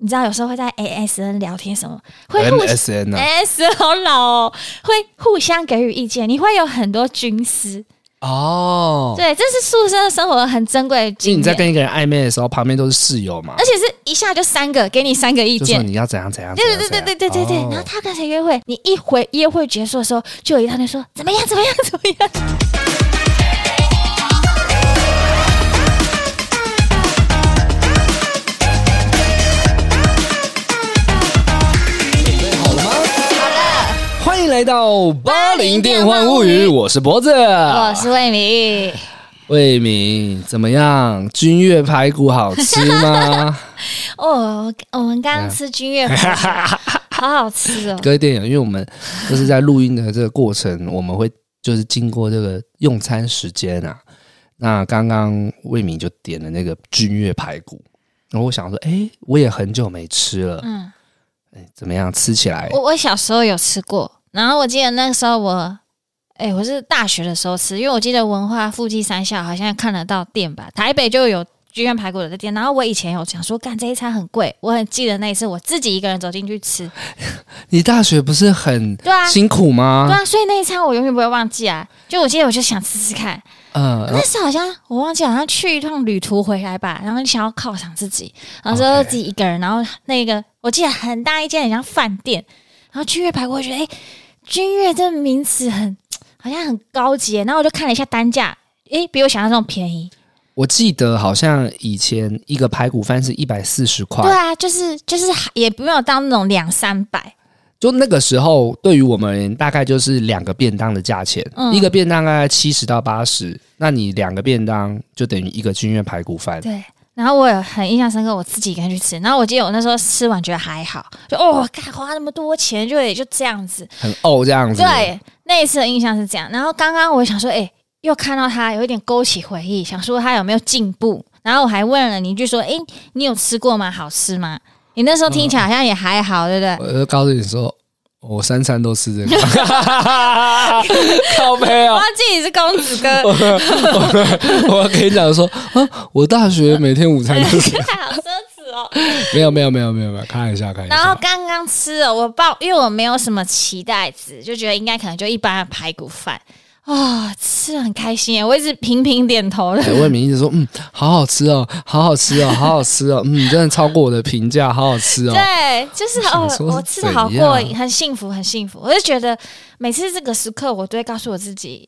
你知道有時候會在 A S N 聊天什麼，會互相 A S、啊、A S 好老哦，會互相給予意見。你會有很多軍師哦，Oh. 對，這是宿舍生活的很珍貴的經驗。因你在跟一個人曖昧的時候，旁邊都是室友嘛，而且是一下就三個，給你三個意見。你要怎樣怎樣？對對對對對對對對。Oh. 然後他跟誰約會，你一回約會結束的時候，就有一套你說怎麼樣怎麼樣怎麼樣。 來到八零電幻物語，我是脖子，我是魏,魏敏。魏敏怎麼樣？君悅排骨好吃嗎？ 哦我，我們剛剛吃君悅，排骨，啊、 好好吃哦。各位電影，因為我們就是在錄音的這個過程， 我們會就是經過這個用餐時間啊。那剛剛魏敏就點了那個君悅排骨，然後我想說，哎，我也很久沒吃了。嗯，哎，怎麼樣？吃起來？我我小時候有吃過。然後我記得那時候我，哎，我是大學的時候吃，因為我記得文化附近三校好像看得到店吧，台北就有居月排骨的店。然後我以前有想說，幹這一餐很貴，我很記得那一次我自己一個人走進去吃。你大學不是很辛苦嗎？對啊，對啊，所以那一餐我永遠不會忘記啊。就我記得，我就想吃吃看，嗯、呃，那時候好像我忘記，好像去一趟旅途回來吧，然後就想要犒賞自己，然後就自己一個人，Okay. 然後那個我記得很大一間很像飯店，然後居月排骨我覺得哎。誒君悅這個名詞很，好像很高級。然後我就看了一下單價，誒、欸，比我想象中便宜。我記得好像以前一個排骨飯是一百四十塊，對啊，就是就是也不用到那種兩三百。就那個時候，對於我們大概就是兩個便當的價錢，嗯、一個便當大概七十到八十，那你兩個便當就等於一個君悅排骨飯。對。然後我很印象深刻，我自己一個人去吃。然後我記得我那時候吃完覺得還好，就哦，花那麼多錢就也就這樣子，很哦這樣子。對，那一次的印象是這樣。然後剛剛我想說，哎、欸，又看到他有一點勾起回憶，想說他有沒有進步。然後我還問了你一句，就說，哎、欸，你有吃過嗎？好吃嗎？你那時候聽起來好像也還好，嗯、對不對？我就告訴你說。我三餐都吃這個，靠北哦，我忘記你是公子哥 我，我跟你講說、啊，我大學每天午餐都吃 還好奢侈哦 沒！沒有沒有沒有沒有沒有，看一下看一下。然後剛剛吃了，我抱，因為我沒有什麼期待值，就覺得應該可能就一般的排骨飯。啊、哦，吃得很開心耶！我一直頻頻點頭的、欸，我也沒一直說，嗯，好好吃哦，好好吃哦，好好吃哦， 嗯，真的超過我的評價，好好吃哦。對，就是，哦，我吃的好過癮，很幸福，很幸福。我就覺得每次這個時刻，我都會告訴我自己，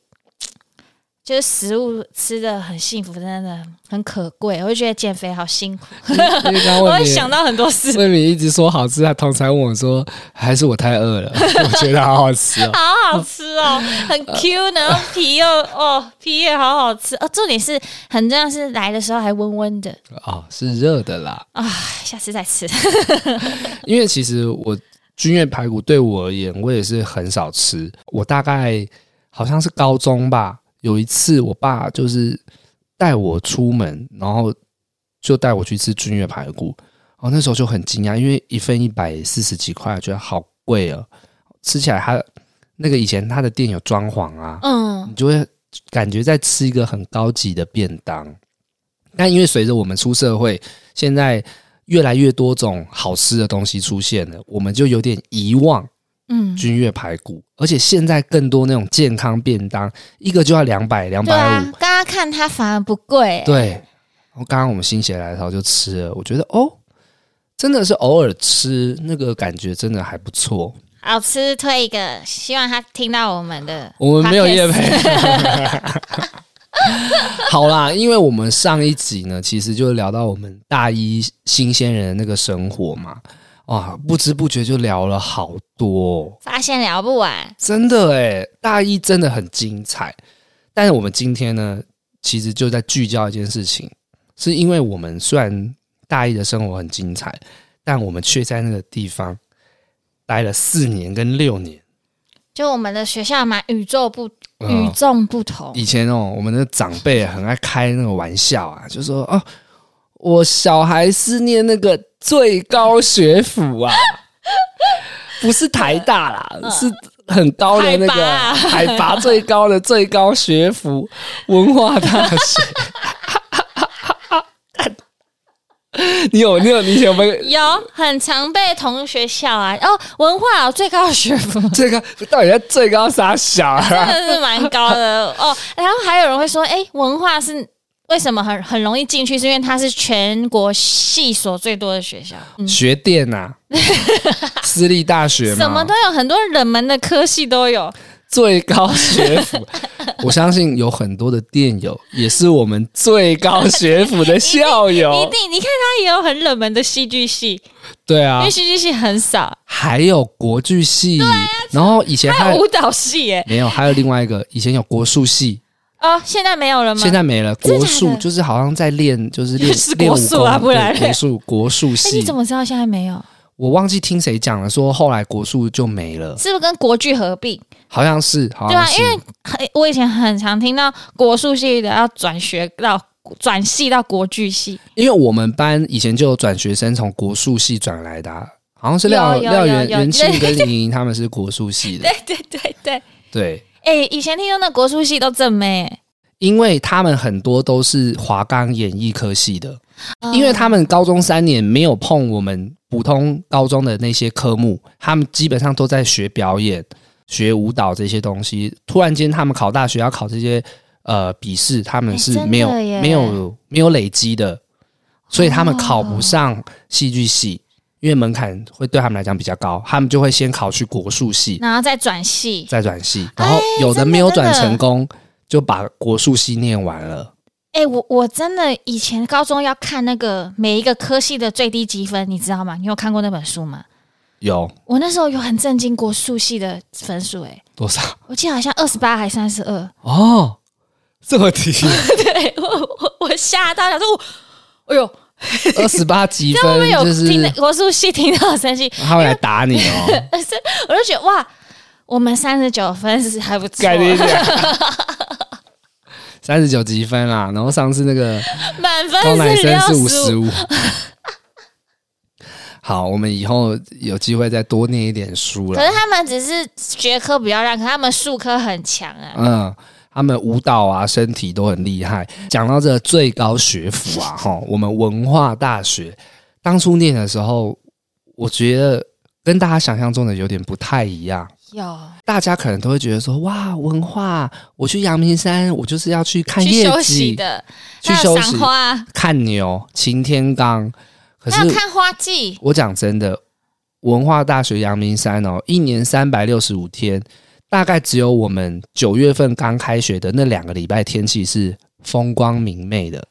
就是食物吃的很幸福，真的很可貴。我就覺得減肥好辛苦， 我會想到很多事。所以你一直說好吃，他剛才問我說：“還是我太餓了？” 我覺得好好吃哦、喔，好好吃哦、喔，很 Q 呢，然後皮又 哦皮也好好吃哦。重點是很重要是來的時候還溫溫的哦，是熱的啦。啊、哦，下次再吃。 因為其實我君悅排骨對我而言，我也是很少吃。我大概好像是高中吧。有一次，我爸就是帶我出門，然後就帶我去吃君悅排骨。然後、哦、那時候就很驚訝，因為一份一百四十幾塊，覺得好貴哦。吃起來它，他那個以前他的店有裝潢啊，嗯，你就會感覺在吃一個很高級的便當。但因為隨着我們出社會，現在越來越多種好吃的東西出現了，我們就有點遺忘。嗯，君悅排骨，而且現在更多那種健康便當，一個就要兩百兩百五。剛剛看它反而不貴、欸。對，我剛剛我們心血來潮的時候就吃了，我覺得哦，真的是偶爾吃那個感覺真的還不錯，好吃推一個。希望他聽到我們的，我們沒有業配。 好啦，因為我們上一集呢，其實就聊到我們大一新鮮人的那個生活嘛。哇、啊！不知不覺就聊了好多，哦，發現聊不完，真的誒，大一真的很精彩。但是我們今天呢，其實就在聚焦一件事情，是因為我們雖然大一的生活很精彩，但我們卻在那個地方待了四年跟六年。就我們的學校嘛，與眾不與眾不同，嗯。以前哦，我們的長輩很愛開那個玩笑啊，就是，說哦。我小孩是念那個最高學府啊，不是台大啦，是很高的那個海拔最高的最高學府文化大學。你有你有你有沒有？有，很常被同學笑啊！哦，文化最高學府，最高，到底在最高啥小啊，真的是蠻高的哦。然後還有人會說，哎，文化是。為什麼很很容易進去？是因為它是全國系所最多的學校，嗯、學店吶、啊， 私立大學嘛，什麼都有，很多冷門的科系都有。最高學府， 我相信有很多的店友也是我們最高學府的校友。一定， 你看他也有很冷門的戲劇系，對啊，因為戲劇系很少，還有國劇系，啊、然後以前還有，還有舞蹈系、欸，哎，沒有，還有另外一個，以前有國術系。啊、哦，現在沒有了嗎？現在沒了，國術就是好像在練，是是就是練習國術啊，不然國術國術系。那、欸，你怎麼知道現在沒有？我忘記聽誰講了說，說後來國術就沒了，是不是跟國劇合併？好像是，對啊，因為很我以前很常聽到國術系的要轉學到轉系到國劇系，因為我們班以前就有轉學生從國術系轉來的，啊，好像是廖廖元慶跟林瑩，他們是國術系的，對 對對對對。對哎、欸，以前聽說那國術系都正妹、欸，因為他們很多都是華岡演藝科系的，哦、因為他們高中三年沒有碰我們普通高中的那些科目，他們基本上都在學表演、學舞蹈這些東西。突然間，他們考大學要考這些呃筆試，他們是沒有、欸、沒有、沒有累積的，所以他們考不上戲劇系。哦。因為門檻會對他們來講比較高，他們就會先考去國術系，然後再轉系，再轉系，然後有的沒有轉成功，欸、就把國術系念完了。哎、欸，我我真的以前高中要看那個每一個科系的最低級分，你知道嗎？你有看過那本書嗎？有。我那時候有很震驚國術系的分數、欸，哎，多少？我記得好像二十八還是三十二哦？這麼低， 對我我我嚇到，想說我，哎呦。二十八級分，就是國術系聽到生氣，他會為來打你哦 我就覺得哇，我們三十九分是還不錯，三十九級分啊。然後上次那個滿分是五十五。 好，我們以後有機會再多念一點書了。可是他們只是學科比較爛，可是他們術科很強啊。嗯。他們舞蹈啊，身體都很厲害。講到這個最高學府啊，哈， 我們文化大學當初念的時候，我覺得跟大家想象中的有點不太一樣。有大家可能都會覺得說，哇，文化，我去陽明山，我就是要去看夜景的，去賞花、看牛、擎天崗，可是那要看花季。我講真的，文化大學陽明山哦，一年三百六十五天。大概只有我們九月份剛開學的那兩個禮拜天氣是風光明媚的，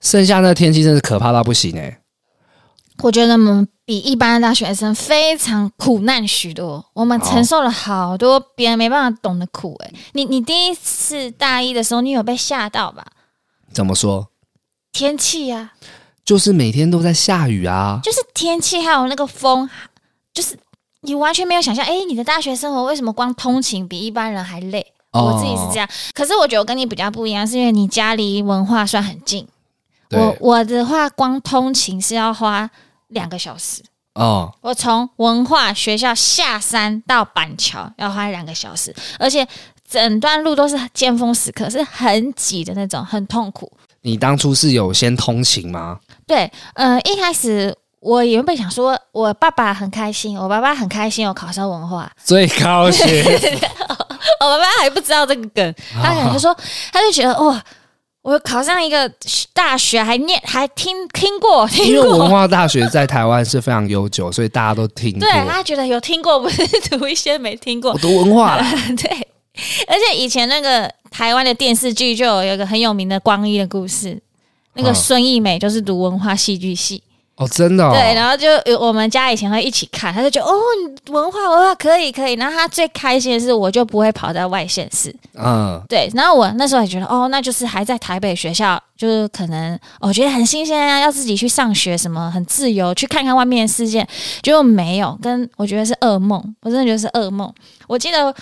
剩下那天氣真的是可怕到不行呢、欸。我覺得我們比一般的大學生非常苦難許多，我們承受了好多別人沒辦法懂的苦、欸。哎、哦，你你第一次大一的時候，你有被嚇到吧？怎麼說？天氣呀、啊，就是每天都在下雨啊，就是天氣還有那個風，就是。你完全沒有想象，哎、欸，你的大學生活為什麼光通勤比一般人還累？Oh. 我自己是這樣，可是我覺得我跟你比較不一樣，是因為你家離文化算很近。對我我的話，光通勤是要花兩個小時哦。Oh. 我從文化學校下山到板橋要花兩個小時，而且整段路都是尖峰時刻，是很擠的那種，很痛苦。你當初是有先通勤嗎？對，嗯、呃，一開始。我原本想說我爸爸，我爸爸很開心，我爸爸很開心，我考上文化，最高興。 我爸爸還不知道這個梗，哦、他然他說，他就覺得哇，我考上一個大學，還念，還聽聽過，聽過因為文化大學在台灣是非常悠久，所以大家都聽。對，他覺得有聽過，不是讀一些沒聽過，我讀文化了。 對，而且以前那個台灣的電視劇就有一個很有名的光一的故事，哦、那個孫藝美就是讀文化戲劇系。哦，真的，哦、對，然後就我們家以前會一起看，他就覺得哦，文化文化可以可以。然後他最開心的是，我就不會跑在外縣市，嗯，對。然後我那時候也覺得，哦，那就是還在台北學校，就是可能我、哦、覺得很新鮮啊，要自己去上學什麼，很自由，去看看外面的世界，就沒有跟我覺得是噩夢，我真的覺得是噩夢。我記得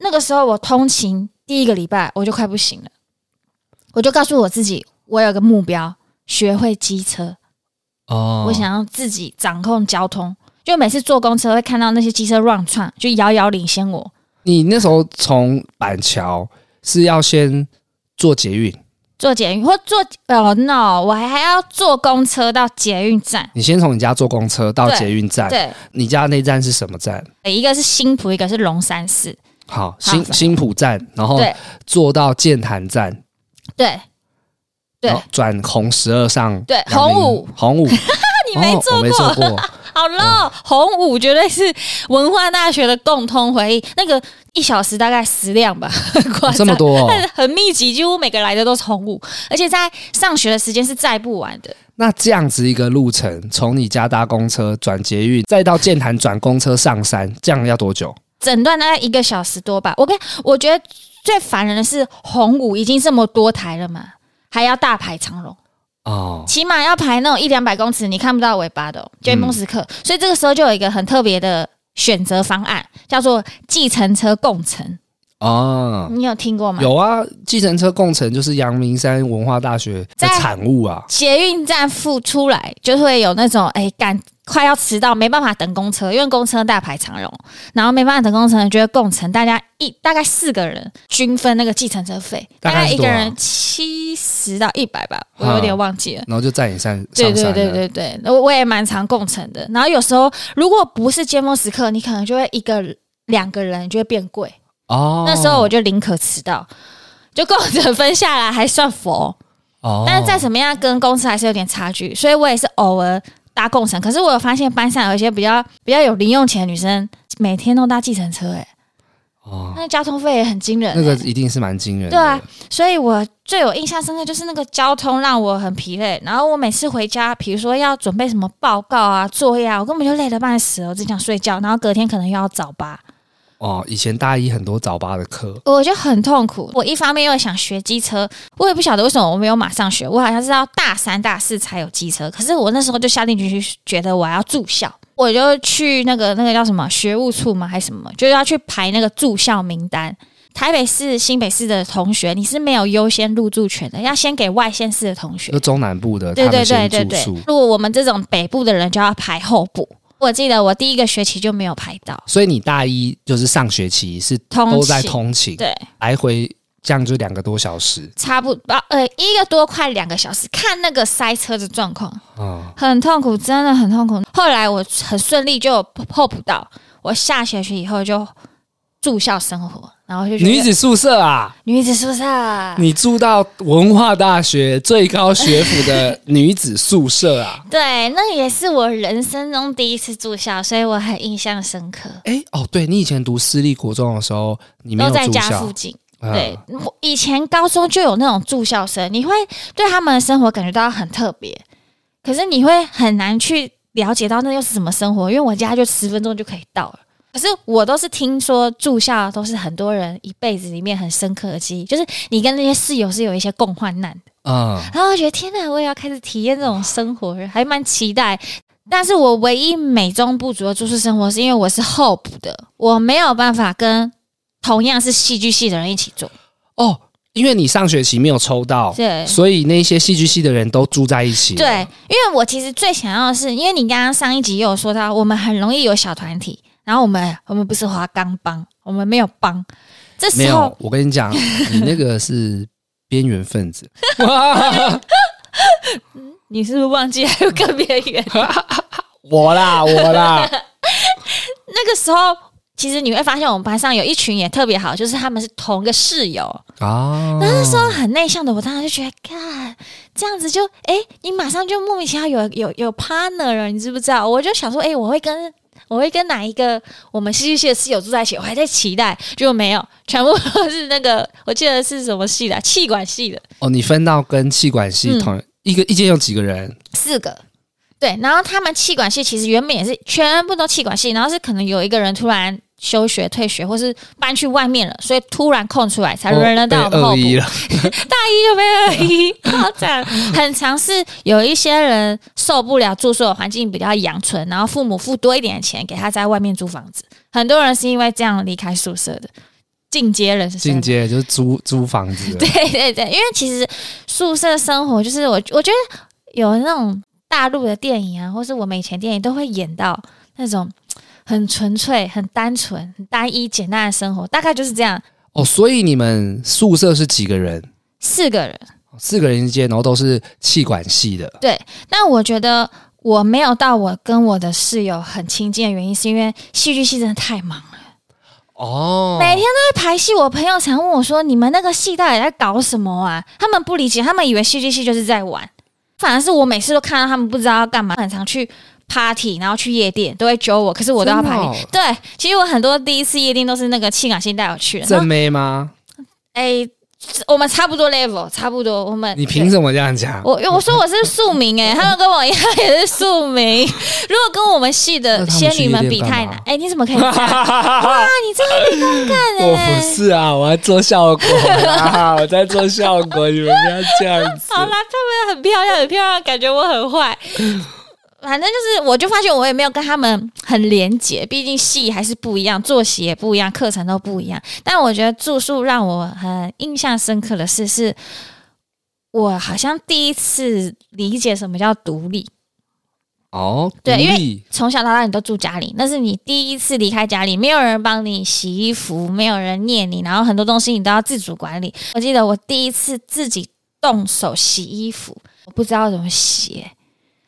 那個時候我通勤第一個禮拜我就快不行了，我就告訴我自己，我有個目標，學會機車。哦，uh, 我想要自己掌控交通，就每次坐公車會看到那些機車亂竄，就遙遙領先我。你那時候從板橋是要先坐捷運，坐捷運或坐哦、oh, no，我還要坐公車到捷運站。你先從你家坐公車到捷運站對，對，你家那站是什麼站？一個是新埔，一個是龍山寺。好，好新新埔站，然後坐到劍潭站，對。對對，轉紅十二上對紅五武，紅五武 你沒坐過，哦、好嘍，紅五絕對是文化大學的共通回憶。哦、那個一小時大概十輛吧 張、哦，這麼多，哦，但是很密集，幾乎每個來的都是紅五，而且在上學的時間是載不完的。那這樣子一個路程，從你家搭公車轉捷運，再到劍潭轉公車上山，這樣要多久？整段大概一個小時多吧。我跟我覺得最煩人的是紅五已經這麼多台了嘛。還要大排長龍哦，起碼要排那種一兩百公尺，你看不到尾巴的巔峰時刻。嗯、所以這個時候就有一個很特別的選擇方案，叫做計程車共乘哦。嗯啊、你有聽過嗎？有啊，計程車共乘就是陽明山文化大學的產物啊。捷運站付出來就會有那種哎乾。欸快要遲到，沒辦法等公車，因為公車大排長龍，然後沒辦法等公車，就會共乘，大家一大概四個人均分那個計程車費，大概，啊、大概一個人七十到一百吧，啊、我有點忘記了。然後就佔一下，對對對對對，我我也蠻常共乘的。然後有時候如果不是尖峰時刻，你可能就會一個兩個人就會變貴哦。那時候我就寧可遲到，就共乘分下來還算佛哦。但是再怎麼樣跟公車還是有點差距，所以我也是偶爾。搭共乘，可是我有發現班上有一些比較比較有零用錢的女生，每天都搭計程車、欸，誒哦，那交通費也很驚人、欸，那個一定是蠻驚人的，對啊，所以我最有印象深刻就是那個交通讓我很疲累，然後我每次回家，比如說要準備什麼報告啊、作業啊，我根本就累得半死了，我只想睡覺，然後隔天可能又要早八。哦，以前大一很多早八的課，我就很痛苦。我一方面又想學機車，我也不曉得為什麼我沒有馬上學。我好像是要大三、大四才有機車。可是我那時候就下定決心，覺得我要住校，我就去那個那個叫什麼學務處嗎？還是什麼？就要去排那個住校名單。台北市、新北市的同學，你是沒有優先入住權的，要先給外縣市的同學。就中南部的對對,對對對對對，如果我們這種北部的人就要排候補。我記得我第一個學期就沒有排到，所以你大一就是上學期是通都在通勤，通勤，對，來回這樣就兩個多小時，差不多呃一個多快兩個小時，看那個塞車的狀況，哦，很痛苦，真的很痛苦。後來我很順利就候補到，我下學期以後就住校生活。然後就去女子宿舍啊，女子宿舍，啊，你住到文化大學最高學府的女子宿舍啊？ 對，那也是我人生中第一次住校，所以我很印象深刻。哎哦，對你以前讀私立國中的時候，你都在家附近？啊、對，以前高中就有那種住校生，你會對他們的生活感覺到很特別，可是你會很難去了解到那又是什麼生活，因為我家就十分鐘就可以到了。可是我都是聽說住校都是很多人一輩子裡面很深刻的記憶，就是你跟那些室友是有一些共患難的。嗯，然後我覺得天哪，我也要開始體驗這種生活，還蠻期待。但是我唯一美中不足的住宿生活，是因為我是候補的，我沒有辦法跟同樣是戲劇系的人一起住哦。因為你上學期沒有抽到，對，所以那一些戲劇系的人都住在一起。對，因為我其實最想要的是，因為你剛剛上一集也有說到，我們很容易有小團體。然後我們我們不是華岡幫，我們沒有幫。這時候我跟你講， 你那個是邊緣分子。 你是不是忘記還有個邊緣？ 我啦，我啦。 那個時候其實你會發現，我們班上有一群也特別好，就是他們是同個室友啊。哦、那時候很內向的，我當然就覺得，看這樣子就哎，你馬上就莫名其妙有有有 partner 了，你知不知道？我就想說，哎，我會跟。我會跟哪一個我們戲劇系的室友住在一起？我還在期待，結果沒有，全部都是那個，我記得是什麼系的啊，企管系的。哦，你分到跟企管系，嗯、同一個一間有幾個人？四個。對，然後他們企管系其實原本也是全部都企管系，然後是可能有一個人突然休學、退學，或是搬去外面了，所以突然空出來才輪得到我們後。二一、哦、了， 大一就沒有二一，哦、很常是有一些人受不了住宿的環境比較陽春，然後父母付多一點錢給他在外面租房子。很多人是因為這樣離開宿舍的，進階人士，進階就是租租房子。對對對，因為其實宿舍生活就是我我覺得有那種。大陸的電影啊，或是我們以前電影，都會演到那種很純粹、很單純、很單一簡單的生活，大概就是這樣。哦，所以你們宿舍是幾個人？四個人，四個人一間，然後都是氣管系的。對，那我覺得我沒有到我跟我的室友很親近的原因，是因為戲劇系真的太忙了。哦，每天都在排戲。我朋友常問我說：“你們那個系到底在搞什麼啊？”他們不理解，他們以為戲劇系就是在玩。反而是我每次都看到他們不知道要幹嘛，很常去 party，然後去夜店，都會揪我。可是我都要 party。好對，其實我很多第一次夜店都是那個氣港星帶我去的。真美嗎？誒。欸我們差不多 level，差不多。我們，你憑什麼這樣講？我我說我是庶民哎，他們跟我一樣也是庶民。 如果跟我們系的仙女們比太難，哎、欸，你怎麼可以？啊， 你真的很尷尬哎！我不是啊，我在做效果、啊、 我在做效果。你們不要這樣子？好啦，他們很漂亮，很漂亮，感覺我很壞。反正就是，我就發現我也沒有跟他們很連接，畢竟系還是不一樣，作息也不一樣，課程都不一樣。但我覺得住宿讓我很印象深刻的事，是我好像第一次理解什麼叫獨立。哦，對，因為從小到大你都住家裡，那是你第一次離開家裡，沒有人幫你洗衣服，沒有人念你，然後很多東西你都要自主管理。我記得我第一次自己動手洗衣服，我不知道怎麼洗。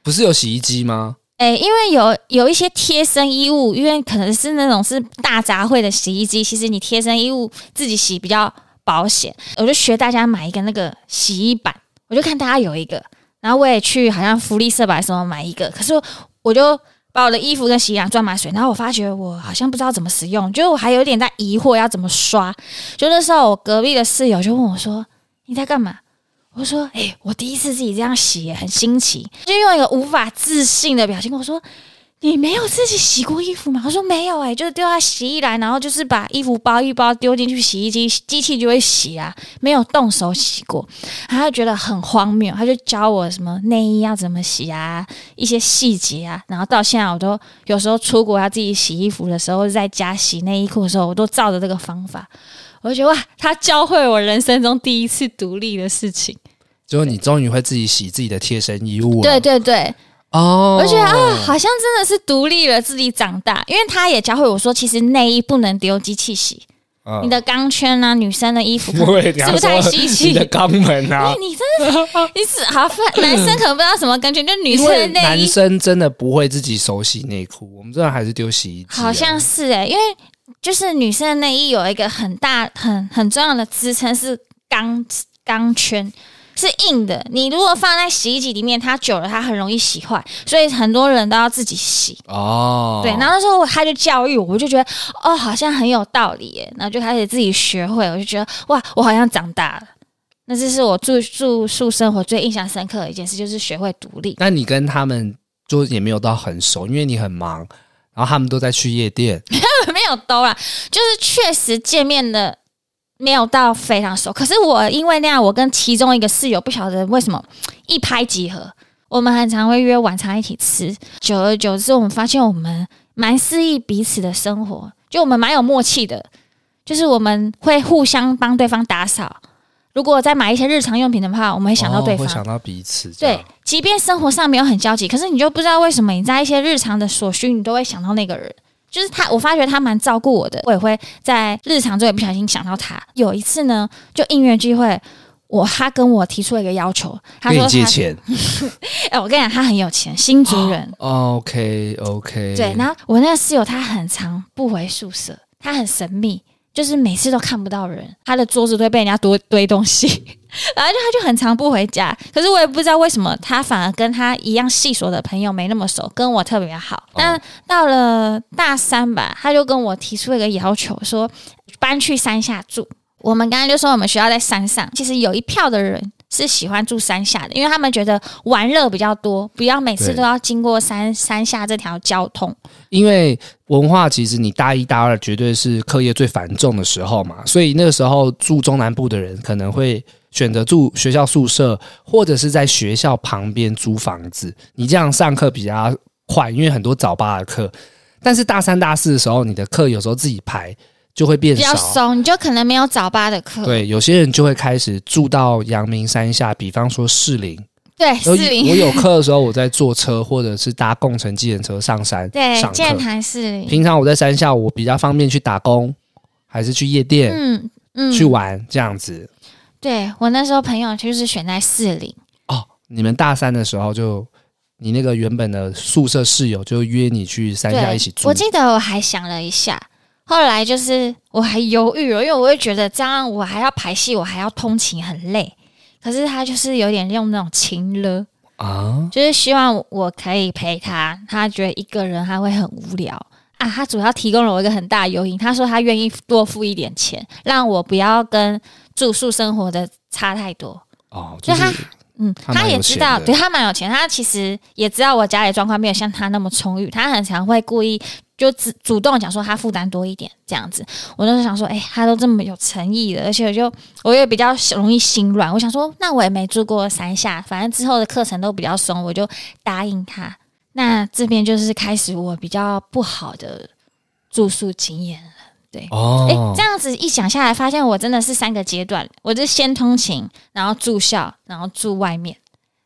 不是有洗衣機嗎？誒、欸，因為有有一些貼身衣物，因為可能是那種是大雜燴的洗衣機，其實你貼身衣物自己洗比較保險。我就學大家買一個那個洗衣板，我就看大家有一個，然後我也去好像福利社吧什麼買一個。可是我我就把我的衣服跟洗衣籃裝滿水，然後我發覺我好像不知道怎麼使用，就我還有點在疑惑要怎麼刷。就那時候我隔壁的室友就問我說：“你在幹嘛？”我說：“哎、欸，我第一次自己這樣洗，很新奇。”就用一個無法置信的表情跟我說：“你沒有自己洗過衣服嗎？”我說：“沒有，哎，就是丟到洗衣籃，然後就是把衣服包一包丟進去洗衣機，機器就會洗啊，沒有動手洗過。”他就覺得很荒謬，他就教我什麼內衣要怎麼洗啊，一些細節啊。然後到現在，我都有時候出國要自己洗衣服的時候，或者在家洗內衣褲的時候，我都照着這個方法。我就覺得哇，他教會我人生中第一次獨立的事情。就是你終於會自己洗自己的貼身衣物，對對對，哦，而且啊，好像真的是獨立了自己長大，因為他也教會我說，其實內衣不能丟機器洗，呃、你的鋼圈啊，女生的衣服不你是不太洗洗的肛門啊，你真的你是好，男生可能不知道什麼鋼圈，就女生的內衣，男生真的不會自己手洗內褲，我們真的還是丟洗衣機，好像是哎、欸，因為就是女生的內衣有一個很大很很重要的支撐是鋼鋼圈。是硬的，你如果放在洗衣機裡面，它久了它很容易洗壞，所以很多人都要自己洗。哦，oh. 對，然後那時候他就教育我，我就覺得哦，好像很有道理耶，然後就開始自己學會，我就覺得哇，我好像長大了。那這是我住住宿生活最印象深刻的一件事，就是學會獨立。那你跟他們就也沒有到很熟，因為你很忙，然後他們都在去夜店， 沒有都啊，就是確實見面的。沒有到非常熟，可是我因為那樣，我跟其中一個室友不曉得人為什麼一拍即合。我們很常會約晚餐一起吃，久而久之，我們發現我們蠻適應彼此的生活，就我們蠻有默契的，就是我們會互相幫對方打掃。如果再買一些日常用品的話，我們會想到對方，哦、會想到彼此。對，即便生活上沒有很交集，可是你就不知道為什麼你在一些日常的所需，你都會想到那個人。就是他，我發覺他蠻照顧我的，我也會在日常中也不小心想到他。有一次呢，就應約聚會，我他跟我提出了一個要求，他說借錢。哎、 欸，我跟你講，他很有錢，新竹人。哦、OK OK，對。然後我那個室友他很常不回宿舍，他很神秘。就是每次都看不到人，他的桌子都會被人家堆堆東西，然後就他就很常不回家。可是我也不知道為什麼，他反而跟他一樣系所的朋友沒那麼熟，跟我特別好。但、oh. 到了大三吧，他就跟我提出了一個要求，說搬去山下住。我們剛剛就說我們學校在山上，其實有一票的人是喜歡住山下的，因為他們覺得玩樂比較多，不要每次都要經過山對山下這條交通。因為文化，其實你大一、大二絕對是課業最繁重的時候嘛，所以那個時候住中南部的人可能會選擇住學校宿舍，或者是在學校旁邊租房子。你這樣上課比較快，因為很多早八的課。但是大三、大四的時候，你的課有時候自己排。就會變比較鬆，你就可能沒有早八的課。對，有些人就會開始住到陽明山下，比方說士林。對，士林有。士林我有課的時候，我在坐車或者是搭共乘機車上山。對，劍潭士林。平常我在山下，我比較方便去打工，還是去夜店，嗯嗯，嗯去玩這樣子。對，我那時候朋友就是選在士林。哦，你們大三的時候就你那個原本的宿舍室友就約你去山下一起住。我記得我還想了一下。後來就是我還猶豫了，因為我會覺得這樣我還要排戲，我還要通勤，很累。可是他就是有點用那種情勒啊，就是希望我可以陪他。他覺得一個人他會很無聊啊。他主要提供了我一個很大的誘因，他說他願意多付一點錢，讓我不要跟住宿生活的差太多。哦，就是、所以他，嗯，他，他也知道，對，他蠻有錢，他其實也知道我家裡狀況沒有像他那麼充裕，他很常會故意。就只主動講說他負擔多一點這樣子，我就是想說，哎、欸，他都這麼有誠意的，而且我就我也比較容易心軟，我想說，那我也沒住過三下，反正之後的課程都比較鬆，我就答應他。那這邊就是開始我比較不好的住宿經驗了。對哦，哎、oh. 欸，這樣子一想下來，發現我真的是三個階段，我就先通勤，然後住校，然後住外面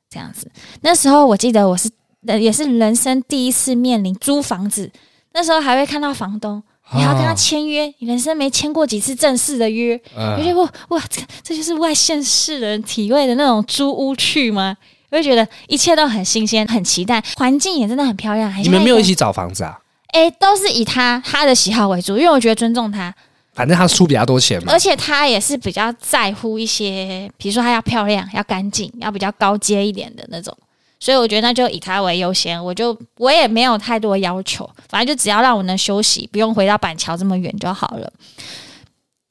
這樣子。那時候我記得我是也是人生第一次面臨租房子。那時候還會看到房東，你要跟他簽約，哦、你人生沒簽過幾次正式的約，就覺得哇，哇這，這就是外縣市人體會的那種租屋趣嗎？我就覺得一切都很新鮮，很期待，環境也真的很漂亮。還你們沒有一起找房子啊？誒、欸，都是以他他的喜好為主，因為我覺得尊重他。反正他出比較多錢嘛，而且他也是比較在乎一些，比如說他要漂亮、要乾淨、要比較高階一點的那種。所以我覺得那就以他為優先，我就我也沒有太多要求，反正就只要讓我能休息，不用回到板橋這麼遠就好了。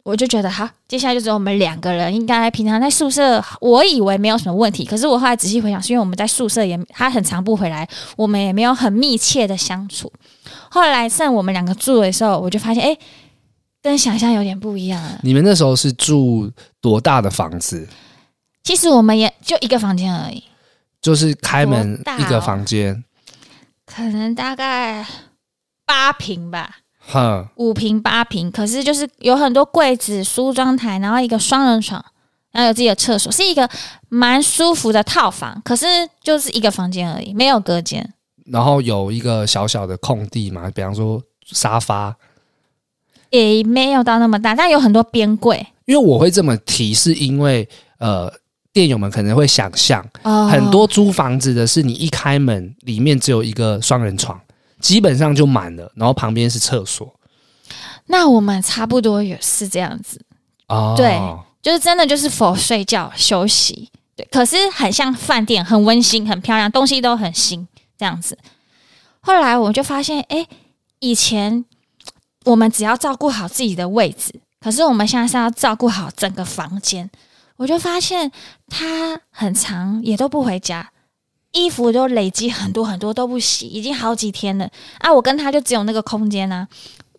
我就覺得好，接下來就只有我們兩個人。應該平常在宿舍，我以為沒有什麼問題，可是我後來仔細回想，是因為我們在宿舍也他很常不回來，我們也沒有很密切的相處。後來剩我們兩個住的時候，我就發現，哎、欸，跟想象有點不一樣了。你們那時候是住多大的房子？其實我們也就一個房間而已。就是開門一個房間，哦，可能大概八坪吧，哼呵，五坪八坪。可是就是有很多櫃子、梳妝台，然後一個雙人床，然後有自己的廁所，是一個蠻舒服的套房。可是就是一個房間而已，沒有隔間。然後有一個小小的空地嘛，比方說沙發，也沒有到那麼大，但有很多邊櫃。因為我會這麼提，是因為呃。店友們可能會想象，oh, 很多租房子的是你一開門，裡面只有一個雙人床，基本上就滿了，然後旁邊是廁所。那我們差不多也是這樣子。哦，oh. 對，就是真的就是 for 睡覺休息，對，可是很像飯店，很溫馨，很漂亮，東西都很新這樣子。後來我就發現，哎、欸，以前我們只要照顧好自己的位置，可是我們現在是要照顧好整個房間。我就發現他很常也都不回家，衣服都累積很多很多都不洗，已經好幾天了啊！我跟他就只有那個空間啊，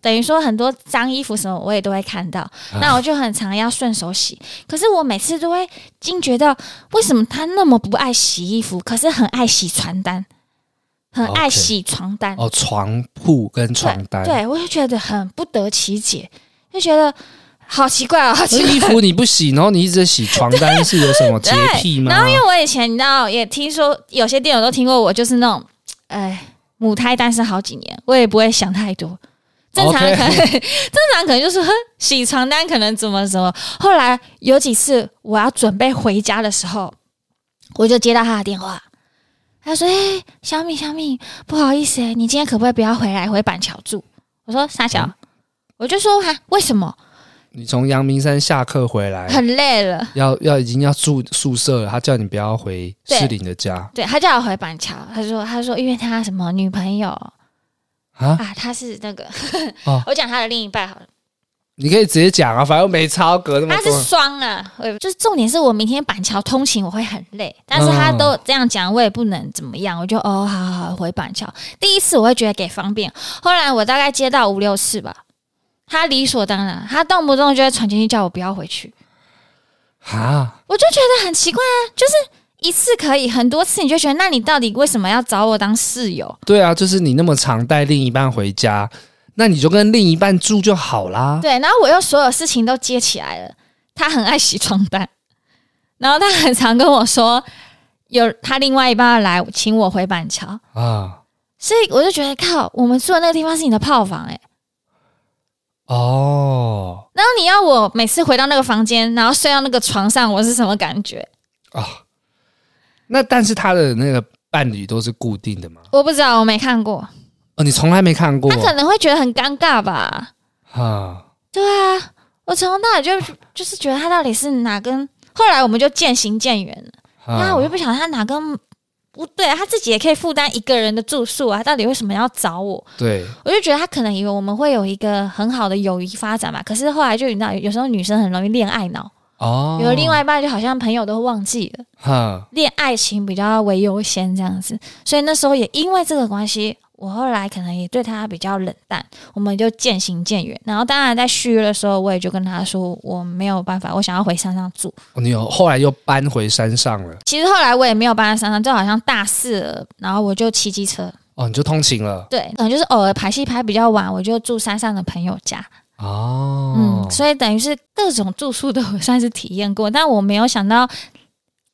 等於說很多髒衣服什麼我也都會看到，那我就很常要順手洗。啊、可是我每次都會驚覺到，為什麼他那麼不愛洗衣服，可是很愛洗床單，很愛洗床單、okay. 哦，床鋪跟床單，對，對我就覺得很不得其解，就覺得。好奇怪啊、哦！這衣服你不洗，然後你一直在洗床單，是有什麼潔癖嗎？然後因為我以前你知道，也聽說有些店友都聽過我，就是那種哎母胎單身好幾年，我也不會想太多。正常的可能 Okay. 正常可能就是哼，洗床單可能怎麼怎麼。後來有幾次我要準備回家的時候，我就接到他的電話，他說：“哎，小敏小敏，不好意思，你今天可不可以不要回來回板橋住？”我說：“傻小，嗯、我就說哈，為什麼？”你從陽明山下課回來，很累了，要要已經要住宿舍了。他叫你不要回士林的家。對，對，他叫我回板橋。他就說，他說因為他什麼女朋友蛤啊，他是那個， 哦，我講他的另一半好了。你可以直接講啊，反正我沒超格那麼。他是雙啊，就是重點是我明天板橋通勤我會很累，但是他都這樣講，我也不能怎麼樣。我就哦，好好好，回板橋。第一次我會覺得給方便，後來我大概接到五六次吧。他理所當然，他動不動就在床前叫我不要回去。啊哈！我就覺得很奇怪啊，就是一次可以，很多次你就覺得，那你到底為什麼要找我當室友？對啊，就是你那麼常帶另一半回家，那你就跟另一半住就好啦。對，然後我又所有事情都接起來了。他很愛洗床單，然後他很常跟我說，有他另外一半要來請我回板橋啊，所以我就覺得靠，我們住的那個地方是你的炮房哎、欸。哦，那、oh. 你要我每次回到那個房間，然後睡到那個床上，我是什麼感覺哦。Oh. 那但是他的那個伴侶都是固定的嗎？我不知道，我沒看過。哦，oh, 你從來沒看過？他可能會覺得很尷尬吧？啊，Huh. 對啊，我從那我就就是覺得他到底是哪根？後來我們就漸行漸遠了，Huh. 然後我就不曉得他哪根。不對啊，他自己也可以負擔一個人的住宿啊！到底為什麼要找我？對，我就覺得他可能以為我們會有一個很好的友誼發展嘛。可是後來就你知道，有時候女生很容易戀愛腦哦，有了另外一半，就好像朋友都忘記了，哈，戀愛情比較為優先這樣子。所以那時候也因為這個關係。我後來可能也對他比較冷淡，我們就漸行漸遠。然後當然在續約的時候，我也就跟他說我沒有辦法，我想要回山上住。哦，你有後來又搬回山上了？其實後來我也沒有搬到山上，就好像大四了，然後我就騎機車。哦，你就通勤了？對，就是偶爾拍戲拍比較晚，我就住山上的朋友家。哦，嗯，所以等於是各種住宿都算是體驗過，但我沒有想到，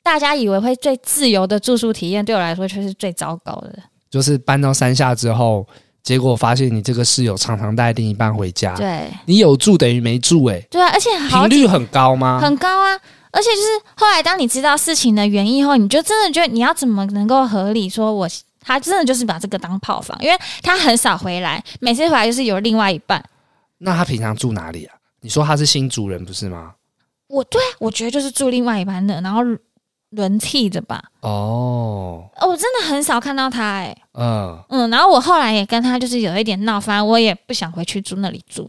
大家以為會最自由的住宿體驗，對我來說卻是最糟糕的。就是搬到山下之後，結果發現你這個室友常常帶另一半回家。對，你有住等於沒住，欸，誒，對啊，而且頻率很高嗎？很高啊！而且就是後來當你知道事情的原因以後，你就真的覺得你要怎麼能夠合理說我，我他真的就是把這個當炮房，因為他很少回來，每次回來就是有另外一半。那他平常住哪裡啊？你說他是新竹人不是嗎？我對，我覺得就是住另外一半的，然後。輪替着吧。哦，我真的很少看到他哎、欸。嗯、uh, 嗯，然後我後來也跟他就是有一點鬧翻，我也不想回去住那裡住。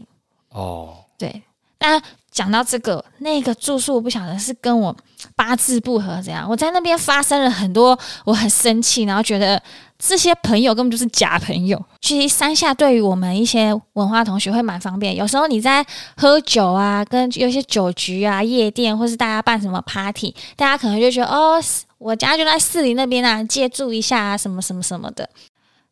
哦，oh. 對。但講到這個那個住宿，我不曉得是跟我八字不合這樣，我在那邊發生了很多，我很生氣，然後覺得。這些朋友根本就是假朋友。其實山下對於我們一些文化同學會蠻方便。有時候你在喝酒啊，跟有些酒局啊、夜店，或是大家辦什麼 party，大家可能就覺得哦，我家就在市裡那邊啊，借住一下啊，什麼什麼什麼的。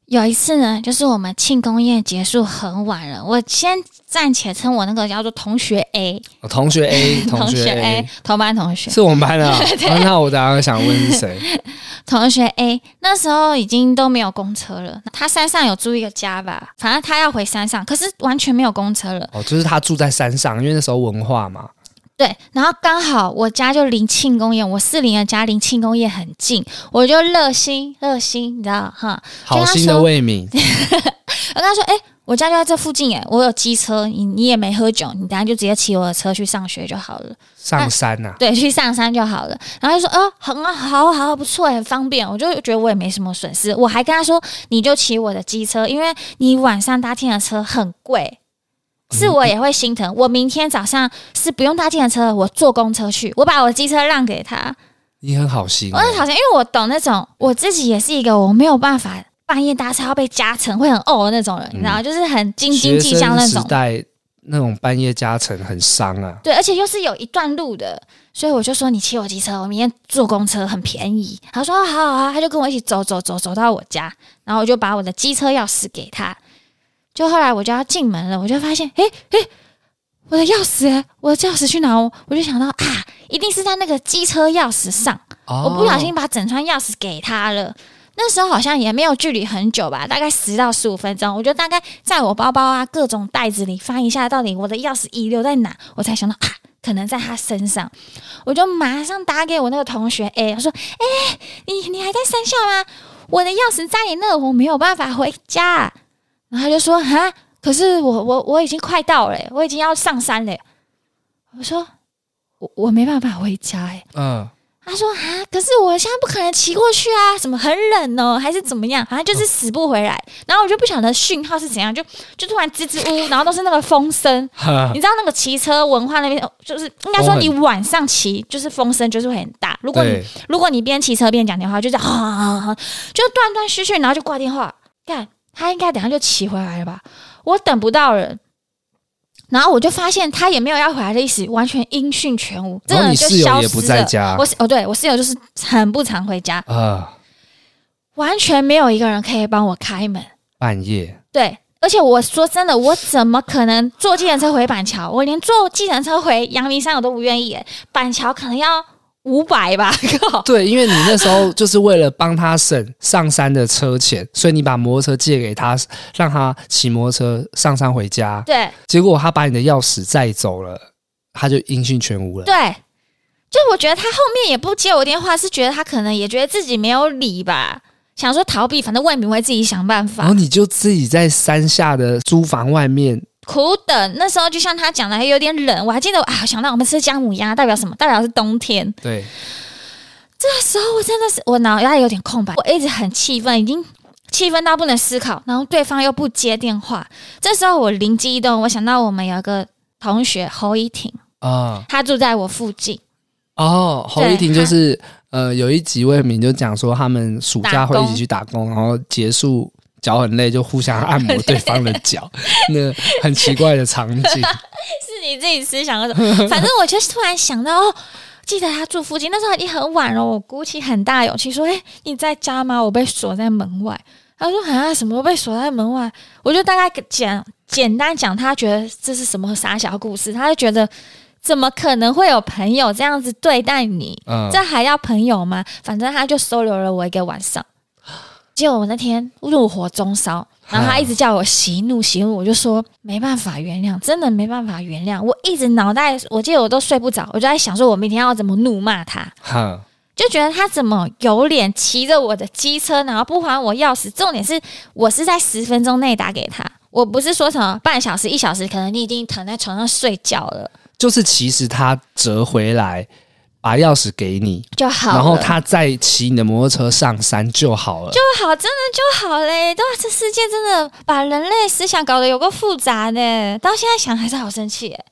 有一次呢，就是我們慶功宴結束很晚了，我先。暫且稱我那個叫做同學 A，、哦、同學 A，同學 A，，同，學 A 同班同學，是我們班的、啊對哦。那我剛剛想問是誰？同學 A 那時候已經都沒有公車了，他山上有租一個家吧，反正他要回山上，可是完全沒有公車了。哦，就是他住在山上，因為那時候文化嘛。對，然後剛好我家就離慶功宴，我四鄰的家離慶功宴很近，我就熱心熱心，你知道哈？好心的魏敏， 我跟他說誒。欸我家就在這附近耶，我有機車，你你也沒喝酒，你等下就直接騎我的車去上學就好了。上山吶、啊啊？對，去上山就好了。然後就說：“哦、呃，很好，好，好，好不錯，很方便。”我就覺得我也沒什麼損失。我還跟他說：“你就騎我的機車，因為你晚上搭計程車很貴。嗯”是我也會心疼。我明天早上是不用搭計程車的，我坐公車去。我把我的機車讓給他。你很好心、欸，我很好心，因為我懂那種，我自己也是一個，我沒有辦法。半夜搭車要被加成，會很嘔的那種人，嗯、你知道，就是很斤斤計較那種。學生時代那種半夜加成很傷啊。對，而且又是有一段路的，所以我就說：“你騎我機車，我明天坐公車，很便宜。”然後說：“好好啊。”他就跟我一起走走走走到我家，然後我就把我的機車鑰匙給他。就後來我就要進門了，我就發現，哎、欸、哎、欸，我的鑰匙，我的鑰匙去哪？我就想到啊，一定是在那個機車鑰匙上。哦、我不小心把整串鑰匙給他了。那時候好像也沒有距離很久吧，大概十到十五分鐘。我就大概在我包包啊各種袋子裡翻一下，到底我的鑰匙遺留在哪。我才想到啊，可能在他身上，我就馬上打給我那個同學 A，我說：“哎、欸，你你還在山下嗎？我的鑰匙在你那，我沒有辦法回家。”然後他就說：“啊，可是我我我已經快到了、欸，我已經要上山了、欸。”我說：“我我沒辦法回家、欸。”哎，嗯。他說，啊，可是我現在不可能騎過去啊，什麼很冷哦，還是怎麼樣？反正就是死不回來。然後我就不曉得訊號是怎樣，就就突然吱吱嗚，然後都是那個風聲。哈 你知道那個騎車文化那邊，就是應該說你晚上騎，就是風聲就是很大。哦、很如果你對 如果你邊騎車邊講電話，就是啊，就斷斷續續，然後就掛電話。看，他應該等下就騎回來了吧？我等不到人。然後我就發現他也沒有要回來的意思，完全音訊全無，真的就消失了。我哦，室我對我室友就是很不常回家，呃、完全沒有一個人可以幫我開門。半夜對，而且我說真的，我怎麼可能坐計程車回板橋？我連坐計程車回陽明山我都不願意耶，板橋可能要。五百吧，靠。對，因為你那時候就是為了幫他省上山的車錢， 所以你把摩托車借給他，讓他騎摩托車上山回家。對，結果他把你的鑰匙帶走了，他就音訊全無了。對，就我覺得他後面也不接我電話，是覺得他可能也覺得自己沒有理吧，想說逃避，反正魏敏會自己想辦法。然後你就自己在山下的租房外面。苦等，那時候就像他講的，還有點冷。我還記得啊，我想到我們吃薑母鴨，代表什麼？代表是冬天。對，這時候我真的是我腦袋有點空白，我一直很氣憤，已經氣憤到不能思考。然後對方又不接電話，這時候我靈機一動，我想到我們有一個同學侯一婷啊，哦、他住在我附近。哦，侯一婷就是對呃，有一集魏敏就講說他們暑假會一起去打工，打工然後結束。腳很累，就互相按摩對方的腳，對，那很奇怪的場景。 是你自己思想的時候，反正我就突然想到、哦，記得他住附近，那時候已經很晚了。我鼓起很大勇氣說：“哎、欸，你在家嗎？我被鎖在門外。”他說：“像、啊、什麼被鎖在門外？”我就大概講簡單講，他覺得這是什麼傻小故事，他就覺得怎麼可能會有朋友這樣子對待你？嗯，這還要朋友嗎？反正他就收留了我一個晚上。就我那天怒火中燒，然後他一直叫我息怒息怒，我就說沒辦法原諒，真的沒辦法原諒。我一直腦袋，我記得我都睡不着，我就在想說，我明天要怎麼怒罵他。哼、嗯，就覺得他怎麼有臉騎着我的機車，然後不還我鑰匙，重點是，我是在十分鐘內打給他，我不是說什麼半小時一小時，可能你已經躺在床上睡覺了。就是其實他折回來。把鑰匙給你就好然後他再騎你的摩托車上山就好了，就好，真的就好嘞！哇、啊，這世界真的把人類思想搞得有夠複雜呢，到現在想還是好生氣、欸，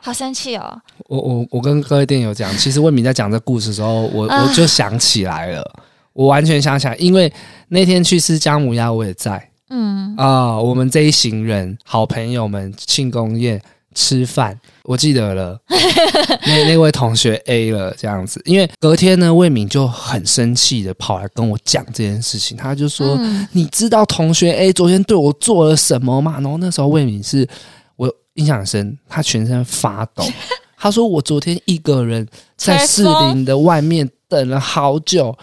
好生氣哦！我我我跟各位電友講，其實魏敏在講這故事的時候，我我就想起來了，唉我完全想起來，因為那天去吃薑母鴨，我也在，嗯啊、呃，我們這一行人好朋友們慶功宴。吃飯，我記得了， 那那位同學 A 了這樣子，因為隔天呢，魏敏就很生氣的跑來跟我講這件事情，他就說：“嗯、你知道同學 A 昨天對我做了什麼嗎？”然後那時候魏敏是我印象很深，他全身發抖， 他說：“我昨天一個人在士林的外面等了好久，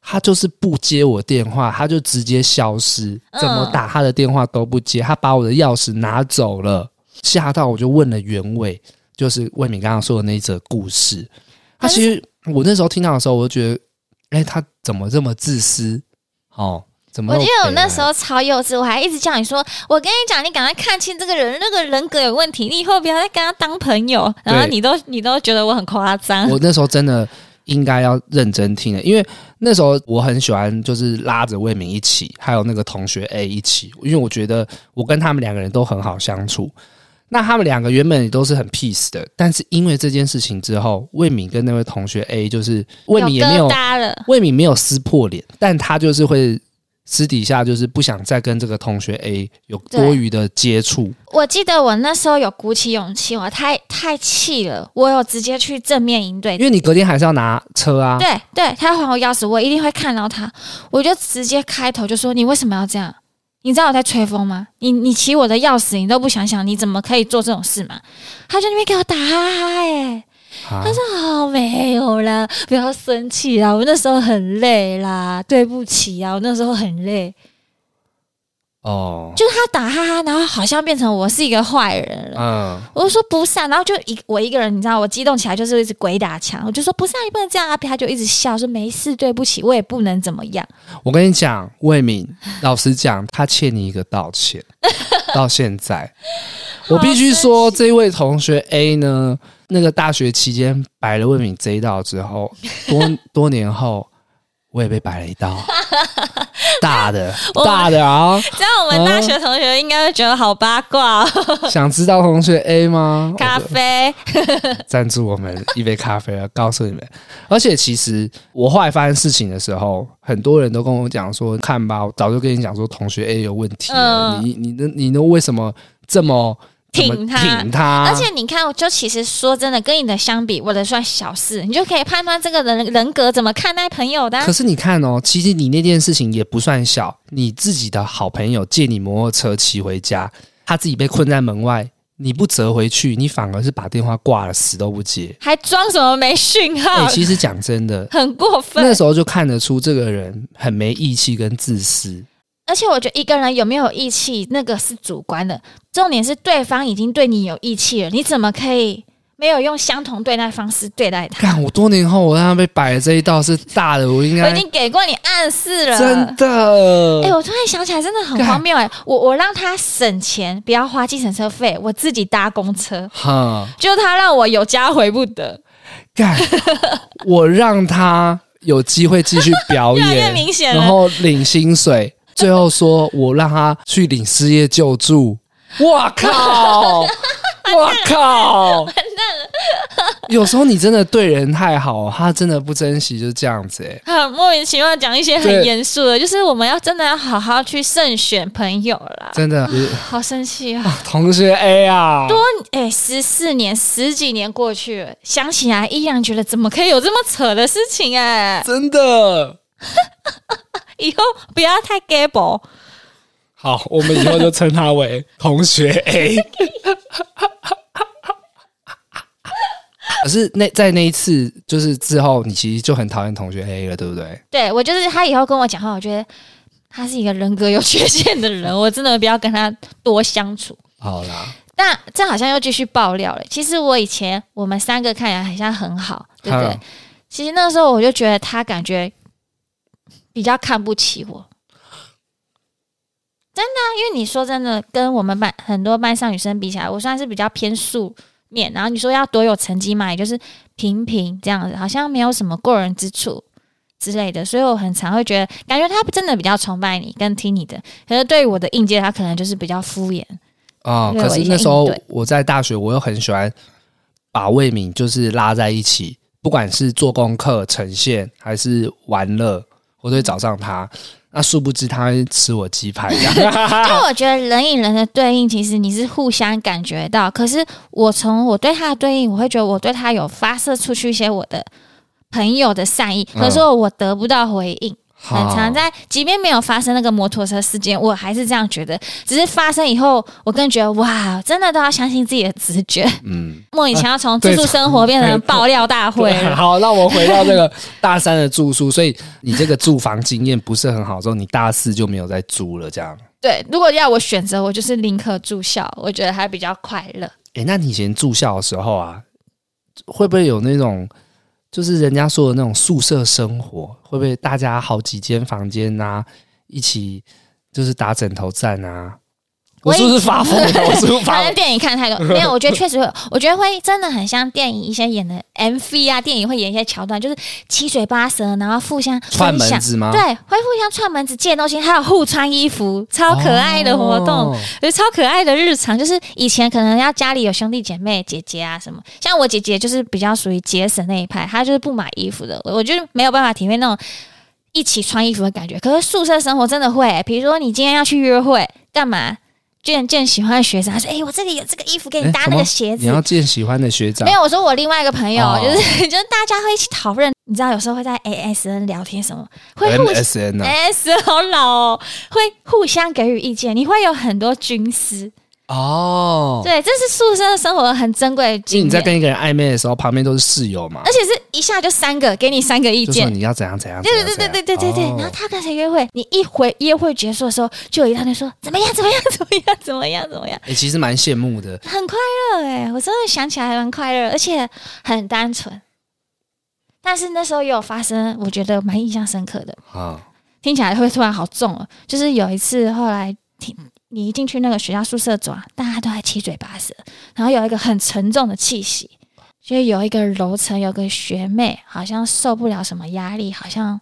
他就是不接我電話，他就直接消失，怎麼打他的電話都不接，他把我的鑰匙拿走了。”嚇到我就問了原委，就是魏敏剛剛說的那一則故事。他其實我那時候聽到的時候，我就覺得，欸，他怎麼這麼自私？哦，怎麼？我記得我那時候超幼稚，我還一直叫你說，我跟你講，你趕快看清這個人，那個人格有問題，你以後不要再跟他當朋友。然後你都對你都覺得我很誇張。我那時候真的應該要認真聽了，因為那時候我很喜歡，就是拉着魏敏一起，還有那個同學 A 一起，因為我覺得我跟他們兩個人都很好相處。那他們兩個原本也都是很 peace 的，但是因為這件事情之後，魏敏跟那位同學 A 就是魏敏也沒有，有疙瘩了，魏敏沒有撕破臉，但他就是會私底下就是不想再跟這個同學 A 有多餘的接觸。我記得我那時候有鼓起勇氣，我太太氣了，我有直接去正面應對，因為你隔天還是要拿車啊。對對，他要還我鑰匙，我一定會看到他，我就直接開頭就說你為什麼要這樣。你知道我在吹風嗎？你你騎我的鑰匙，你都不想想，你怎麼可以做這種事嘛？他在那邊給我打哈哈耶，哎哈，他說好、哦、沒有啦，不要生氣啦，我那時候很累啦，對不起啊，我那時候很累。哦，就是他打哈哈，然後好像變成我是一個壞人，嗯，我就說不上，然後就一我一個人，你知道，我激動起來就是一直鬼打牆。我就說不上，你不能這樣啊！他就一直笑說沒事，對不起，我也不能怎麼樣。我跟你講，魏敏，老實講，他欠你一個道歉。 到現在，我必須說，這位同學 A 呢，那個大學期間擺了魏敏這一道之後，多多年後。 我也被擺了一刀， 大的們大的啊！這樣我們大學同學應該會覺得好八卦，哦嗯。想知道同學 A 嗎？咖啡贊的 助我們一杯咖啡啊 告訴你們。而且其實我後來發生事情的時候，很多人都跟我講說：“看吧，我早就跟你講說同學 A 有問題，嗯你，你你那你那為什麼這麼？”挺他，挺他，而且你看，我就其實說真的，跟你的相比，我的算小事，你就可以判斷這個人人格怎麼看待朋友的啊。可是你看哦，其實你那件事情也不算小，你自己的好朋友借你摩托車騎回家，他自己被困在門外，你不折回去，你反而是把電話掛了，死都不接，還裝什麼沒訊號。欸，其實講真的，很過分。那時候就看得出這個人很沒義氣跟自私。而且我覺得一個人有沒有義氣，那個是主觀的。重點是對方已經對你有義氣了，你怎麼可以沒有用相同對待方式對待他？看我多年後我讓他被擺這一道是大的，我應該我已經給過你暗示了，真的。哎、欸，我突然想起來，真的很荒謬、欸。幹我我讓他省錢，不要花計程車費，我自己搭公車。哈、嗯，就他讓我有家回不得。幹幹， 我讓他有機會繼續表演， 明顯然後領薪水。最後說，我讓他去領失業救助。我靠！我靠！完蛋了！完蛋了，有時候你真的對人太好，他真的不珍惜，就這樣子、欸、很莫名其妙講一些很嚴肅的，對就是我們要真的要好好去慎選朋友啦。真的，好生氣啊！啊同學 A 啊，多哎，十、欸、四年、十幾年過去想起來依然覺得怎麼可以有這麼扯的事情哎、欸？真的。以後不要太 gable。好，我們以後就稱他為同學 A。 可是那在那一次就是之後，你其實就很討厭同學 A 了，對不對？對，我就是他以後跟我講話，我覺得他是一個人格有缺陷的人， 我真的不要跟他多相處。好啦，那這好像又繼續爆料了。其實我以前我們三個看起來好像很好，對不對？啊、其實那個時候我就覺得他感覺。比較看不起我，真的啊，因為你說真的，跟我們班很多班上女生比起來，我算是比較偏素面。然後你說要多有成績嘛，也就是平平這樣子，好像沒有什麼過人之處之類的。所以我很常會覺得，感覺他真的比較崇拜你，更聽你的。可是對於我的應屆，他可能就是比較敷衍啊。嗯，可是那時候我在大學，我又很喜歡把魏敏就是拉在一起，不管是做功課、呈現還是玩樂。我都會找上他，那、啊、殊不知他會吃我雞排。因為我覺得人與人的對應，其實你是互相感覺到。可是我從我對他的對應，我會覺得我對他有發射出去一些我的朋友的善意，可是我得不到回應。嗯很常在，即便沒有發生那個摩托車事件，我還是這樣覺得。只是發生以後，我更覺得哇，真的都要相信自己的直覺。嗯，莫以前要從住宿生活變成爆料大會。 好，那我回到這個大三的住宿， 所以你這個住房經驗不是很好的時候，之後你大四就沒有再租了，這樣？對，如果要我選擇，我就是寧可住校，我覺得還比較快樂。誒、欸，那你以前住校的時候啊，會不會有那種？就是人家說的那種宿舍生活，會不會大家好幾間房間啊，一起就是打枕頭戰啊？我是不是發瘋？我是不是發瘋了。 電影看太多？沒有，我覺得確實會有。我覺得會真的很像電影一些演的 MV 啊，電影會演一些橋段，就是七嘴八舌，然後互相串門子嗎？對，會互相串門子借東西，還有互穿衣服，超可愛的活動，超可愛的日常。就是以前可能要家裡有兄弟姐妹、姐姐啊什麼，像我姐姐就是比較屬於節省那一派，她就是不買衣服的，我就沒有辦法體會那種一起穿衣服的感覺。可是宿舍生活真的會、欸，比如說你今天要去約會幹嘛？見見喜歡的學長，他說：“哎、欸，我這裡有這個衣服給你搭那個鞋子。欸”你要見喜歡的學長？沒有，我說我另外一個朋友，哦、就是就是大家會一起討論，你知道有時候會在 A S N 聊天什麼，會互相 A S N 呢、啊、？A S 好老哦，會互相給予意見，你會有很多軍師。哦，oh. 對，這是宿舍生活的很珍貴的經歷，你在跟一個人曖昧的時候，旁邊都是室友嘛，而且是一下就三個，給你三個意見，你要怎樣怎樣。對對對對對對對對。Oh. 然後他跟誰約會，你一回約會結束的時候，就有一套人說怎麼樣怎麼樣怎麼樣怎麼樣怎麼樣。哎、欸，其實蠻羨慕的。很快樂哎、欸，我真的想起來還蠻快樂，而且很單純。但是那時候也有發生，我覺得蠻印象深刻的。啊，oh. 聽起來會突然好重了。就是有一次後來聽。嗯你一進去那個學校宿舍走，啊，大家都還七嘴八舌，然後有一個很沉重的氣息，就有一個樓層有個學妹，好像受不了什麼壓力，好像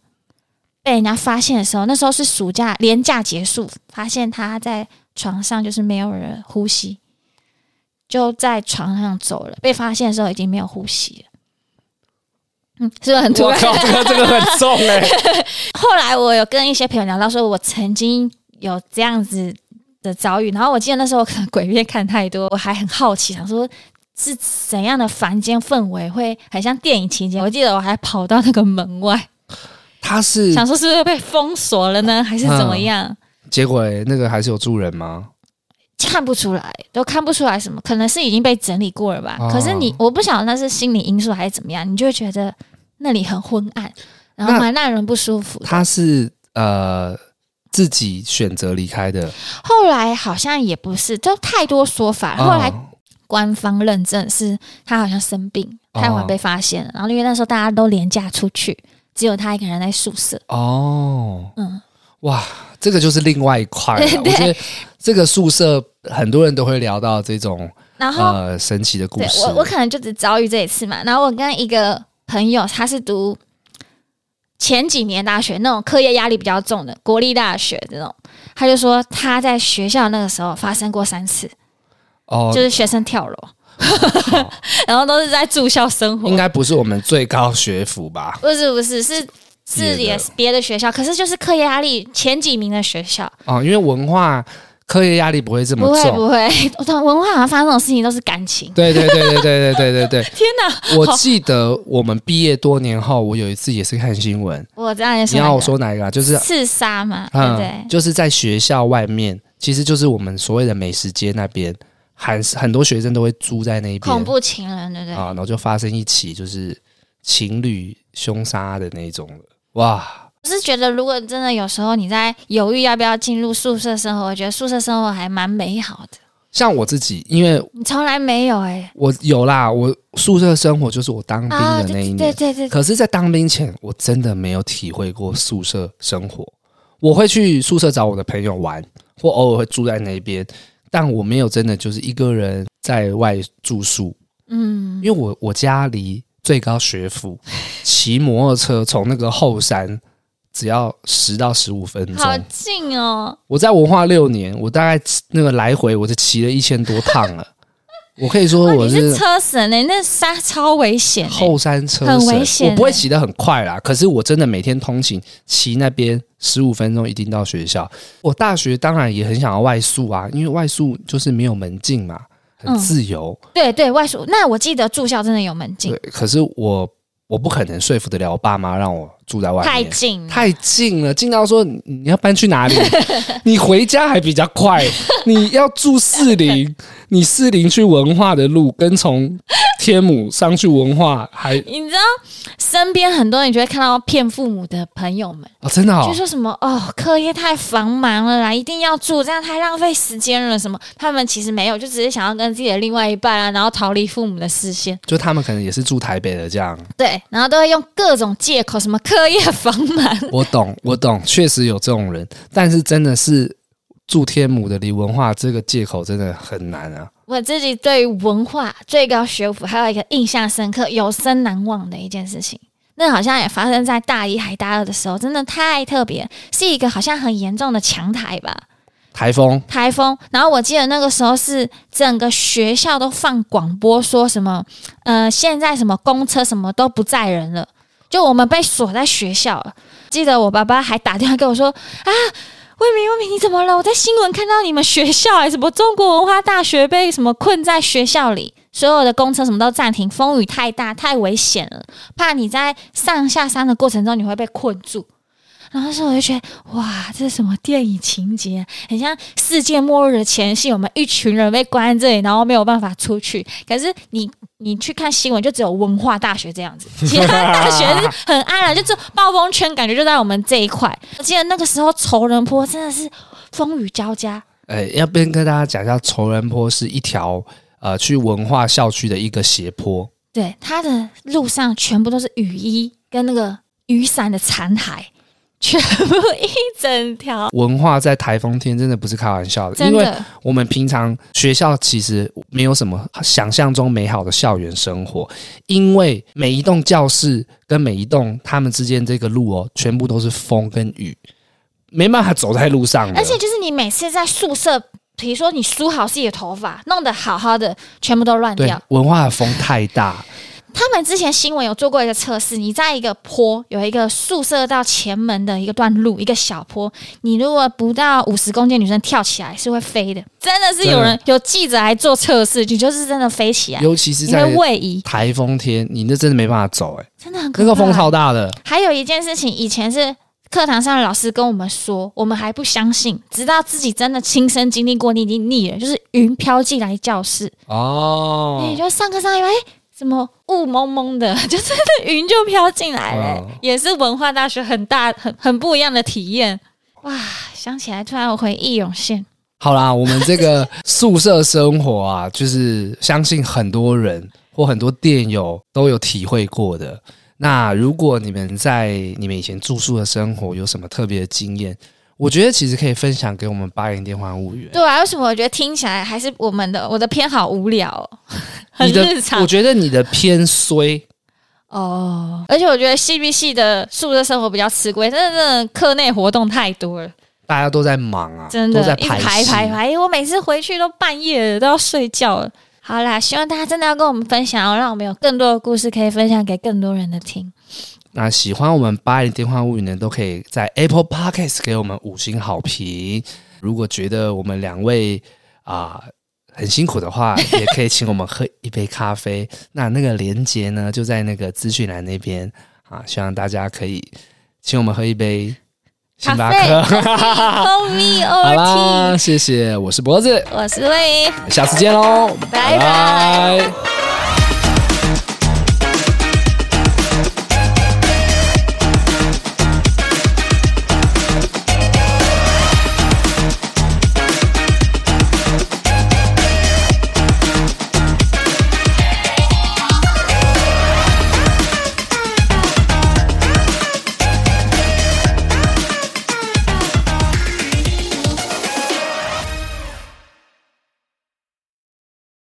被人家發現的時候，那時候是暑假連假結束，發現她在床上就是沒有人呼吸，就在床上走了，被發現的時候已經沒有呼吸了。嗯，是不是很突然？我靠，這個這個很重誒、欸。 後來我有跟一些朋友聊到說，我曾經有這樣子。的遭遇，然後我記得那時候可能鬼片看太多，我還很好奇，想說是怎樣的房間氛圍會，會很像電影情節。我記得我還跑到那個門外，他是想說是不是被封鎖了呢，嗯、還是怎麼樣？結果、欸、那個還是有住人嗎？看不出來，都看不出來什麼，可能是已經被整理過了吧。哦、可是你，我不曉得那是心理因素還是怎麼樣，你就會覺得那裡很昏暗，然後蠻讓人不舒服他。他是呃。自己選擇離開的，後來好像也不是，就太多說法。然後後來官方認證是他好像生病，哦、太晚被發現，然後因為那時候大家都連假出去，只有他一個人在宿舍。哦，嗯，哇，這個就是另外一塊了。就是這個宿舍很多人都會聊到這種，然後呃神奇的故事。我我可能就只遭遇這一次嘛。然後我跟一個朋友，他是讀。前幾年大學那種課業壓力比較重的國立大學這種，他就說他在學校那個時候發生過三次，哦，oh. 就是學生跳樓，oh. 然後都是在住校生活，應該不是我們最高學府吧？不是不是是是也是別的學校，可是就是課業壓力前幾名的學校哦，oh. 因為文化。科學壓力不會這麼重，不會不會。我傳統文化好像發生這種事情都是感情，對對對對對對對對對。 天哪！我記得我們畢業多年後，我有一次也是看新聞，我這樣也你要我說哪一個、哪個、啊？就是自殺嘛，嗯、對不對？就是在學校外面，其實就是我們所謂的美食街那邊，很很多學生都會住在那邊。恐怖情人，對對啊，然後就發生一起就是情侶兇殺的那種了，哇！我是覺得，如果真的有時候你在猶豫要不要進入宿舍生活，我覺得宿舍生活還蠻美好的。像我自己，因為你從來沒有哎、欸，我有啦。我宿舍生活就是我當兵的那一年，啊、對，對對對。可是在當兵前，我真的沒有體會過宿舍生活。我會去宿舍找我的朋友玩，或偶爾會住在那邊，但我沒有真的就是一個人在外住宿。嗯，因為我我家離最高學府，騎摩托車從那個後山。只要十到十五分鐘，好近哦！我在文化六年，我大概那個來回，我就騎了一千多趟了。 我可以說我是，我、哦、你是車神呢？欸，那山超危險、欸，後山車很危險、欸。我不會騎得很快啦，可是我真的每天通勤，騎那邊十五分鐘一定到學校。我大學當然也很想要外宿啊，因為外宿就是沒有門禁嘛，很自由。嗯、對對，外宿那我記得住校真的有門禁，對可是我。我不可能說服得了我爸媽讓我住在外面，太近太近了，經常說，你要搬去哪裡， 你回家還比較快，你要住四零， 你四零去文化的路跟從。天母上去文化，還你知道身邊很多人，你就會看到騙父母的朋友們哦，真的、哦、就說什麼哦，課業太繁忙了啦，一定要住，這樣太浪費時間了。什麼他們其實沒有，就只是想要跟自己的另外一半啊，然後逃離父母的視線。就他們可能也是住台北的這樣，對，然後都會用各種借口，什麼課業繁忙，我懂，我懂，確實有這種人，但是真的是住天母的離文化這個借口真的很難啊。我自己對於文化最高學府還有一個印象深刻、永生難忘的一件事情，那好像也發生在大一還大二的時候，真的太特別，是一個好像很嚴重的強台吧？台風？台風？然後我記得那個時候是整個學校都放廣播，說什麼，呃，現在什麼公車什麼都不載人了，就我們被鎖在學校了。記得我爸爸還打電話跟我說啊。魏敏，魏敏，你怎麼了？我在新聞看到你們學校，哎，什麼中國文化大學被什麼困在學校裡，所有的公車什麼都暫停，風雨太大，太危險了，怕你在上下山的過程中你會被困住。然後是，我就覺得，哇，這是什麼電影情節、啊？很像世界末日的前夕，我們一群人被關在這裡，然後沒有辦法出去。可是你，你去看新聞，就只有文化大學這樣子，其他大學是很暗，就這、是、暴風圈感覺就在我們這一塊。我記得那個時候，仇人坡真的是風雨交加。誒、哎，要不跟大家講一下，仇人坡是一條呃去文化校區的一個斜坡。對，它的路上全部都是雨衣跟那個雨傘的殘骸。全部一整條文化在台風天真的不是開玩笑的，的因為我們平常學校其實沒有什麼想象中美好的校園生活，因為每一棟教室跟每一棟他們之間這個路哦、喔，全部都是風跟雨，沒辦法走在路上，而且就是你每次在宿舍，比如說你梳好自己的頭髮，弄得好好的，全部都亂掉。文化的風太大。 他們之前新聞有做過一個測試，你在一個坡，有一個宿舍到前門的一個段路，一個小坡，你如果不到五十公斤，女生跳起來是會飛的。真的是有人有記者來做測試，對你就是真的飛起來，尤其是在位移颱風天，你那真的沒辦法走、欸，誒真的很可怕，那個風超大的。還有一件事情，以前是課堂上的老師跟我們說，我們還不相信，直到自己真的親身經歷過，你已經膩了，就是雲飄進來教室哦，你、欸、就上課上一班。欸怎麼霧濛濛的，就是雲就飄進來了、欸，哦、也是文化大學很大、很很不一樣的體驗。哇，想起來突然有回憶湧現。好啦，我們這個宿舍生活啊， 就是相信很多人或很多電友都有體會過的。那如果你們在你們以前住宿的生活有什麼特別的經驗？我覺得其實可以分享給我們八零電幻物語、欸。對啊，為什麼我覺得聽起來還是我們的我的偏好無聊、哦， 你的 很日常。我覺得你的偏衰哦，而且我覺得 CBC 的宿舍生活比較吃虧，真的真的課內活動太多了，大家都在忙啊，真的，都在排，排排排。我每次回去都半夜了，都要睡覺了。好啦，希望大家真的要跟我們分享、哦，讓我們有更多的故事可以分享給更多人的聽。那喜歡我們八零電幻物語呢，都可以在 Apple Podcast 給我們五星好評。如果覺得我們兩位啊、呃、很辛苦的話，也可以請我們喝一杯咖啡。 那那個連接呢，就在那個資訊欄那邊啊。希望大家可以請我們喝一杯星巴克。好啦，謝謝，我是脖子，我是魏，下次見嘍、哦，拜拜。拜拜。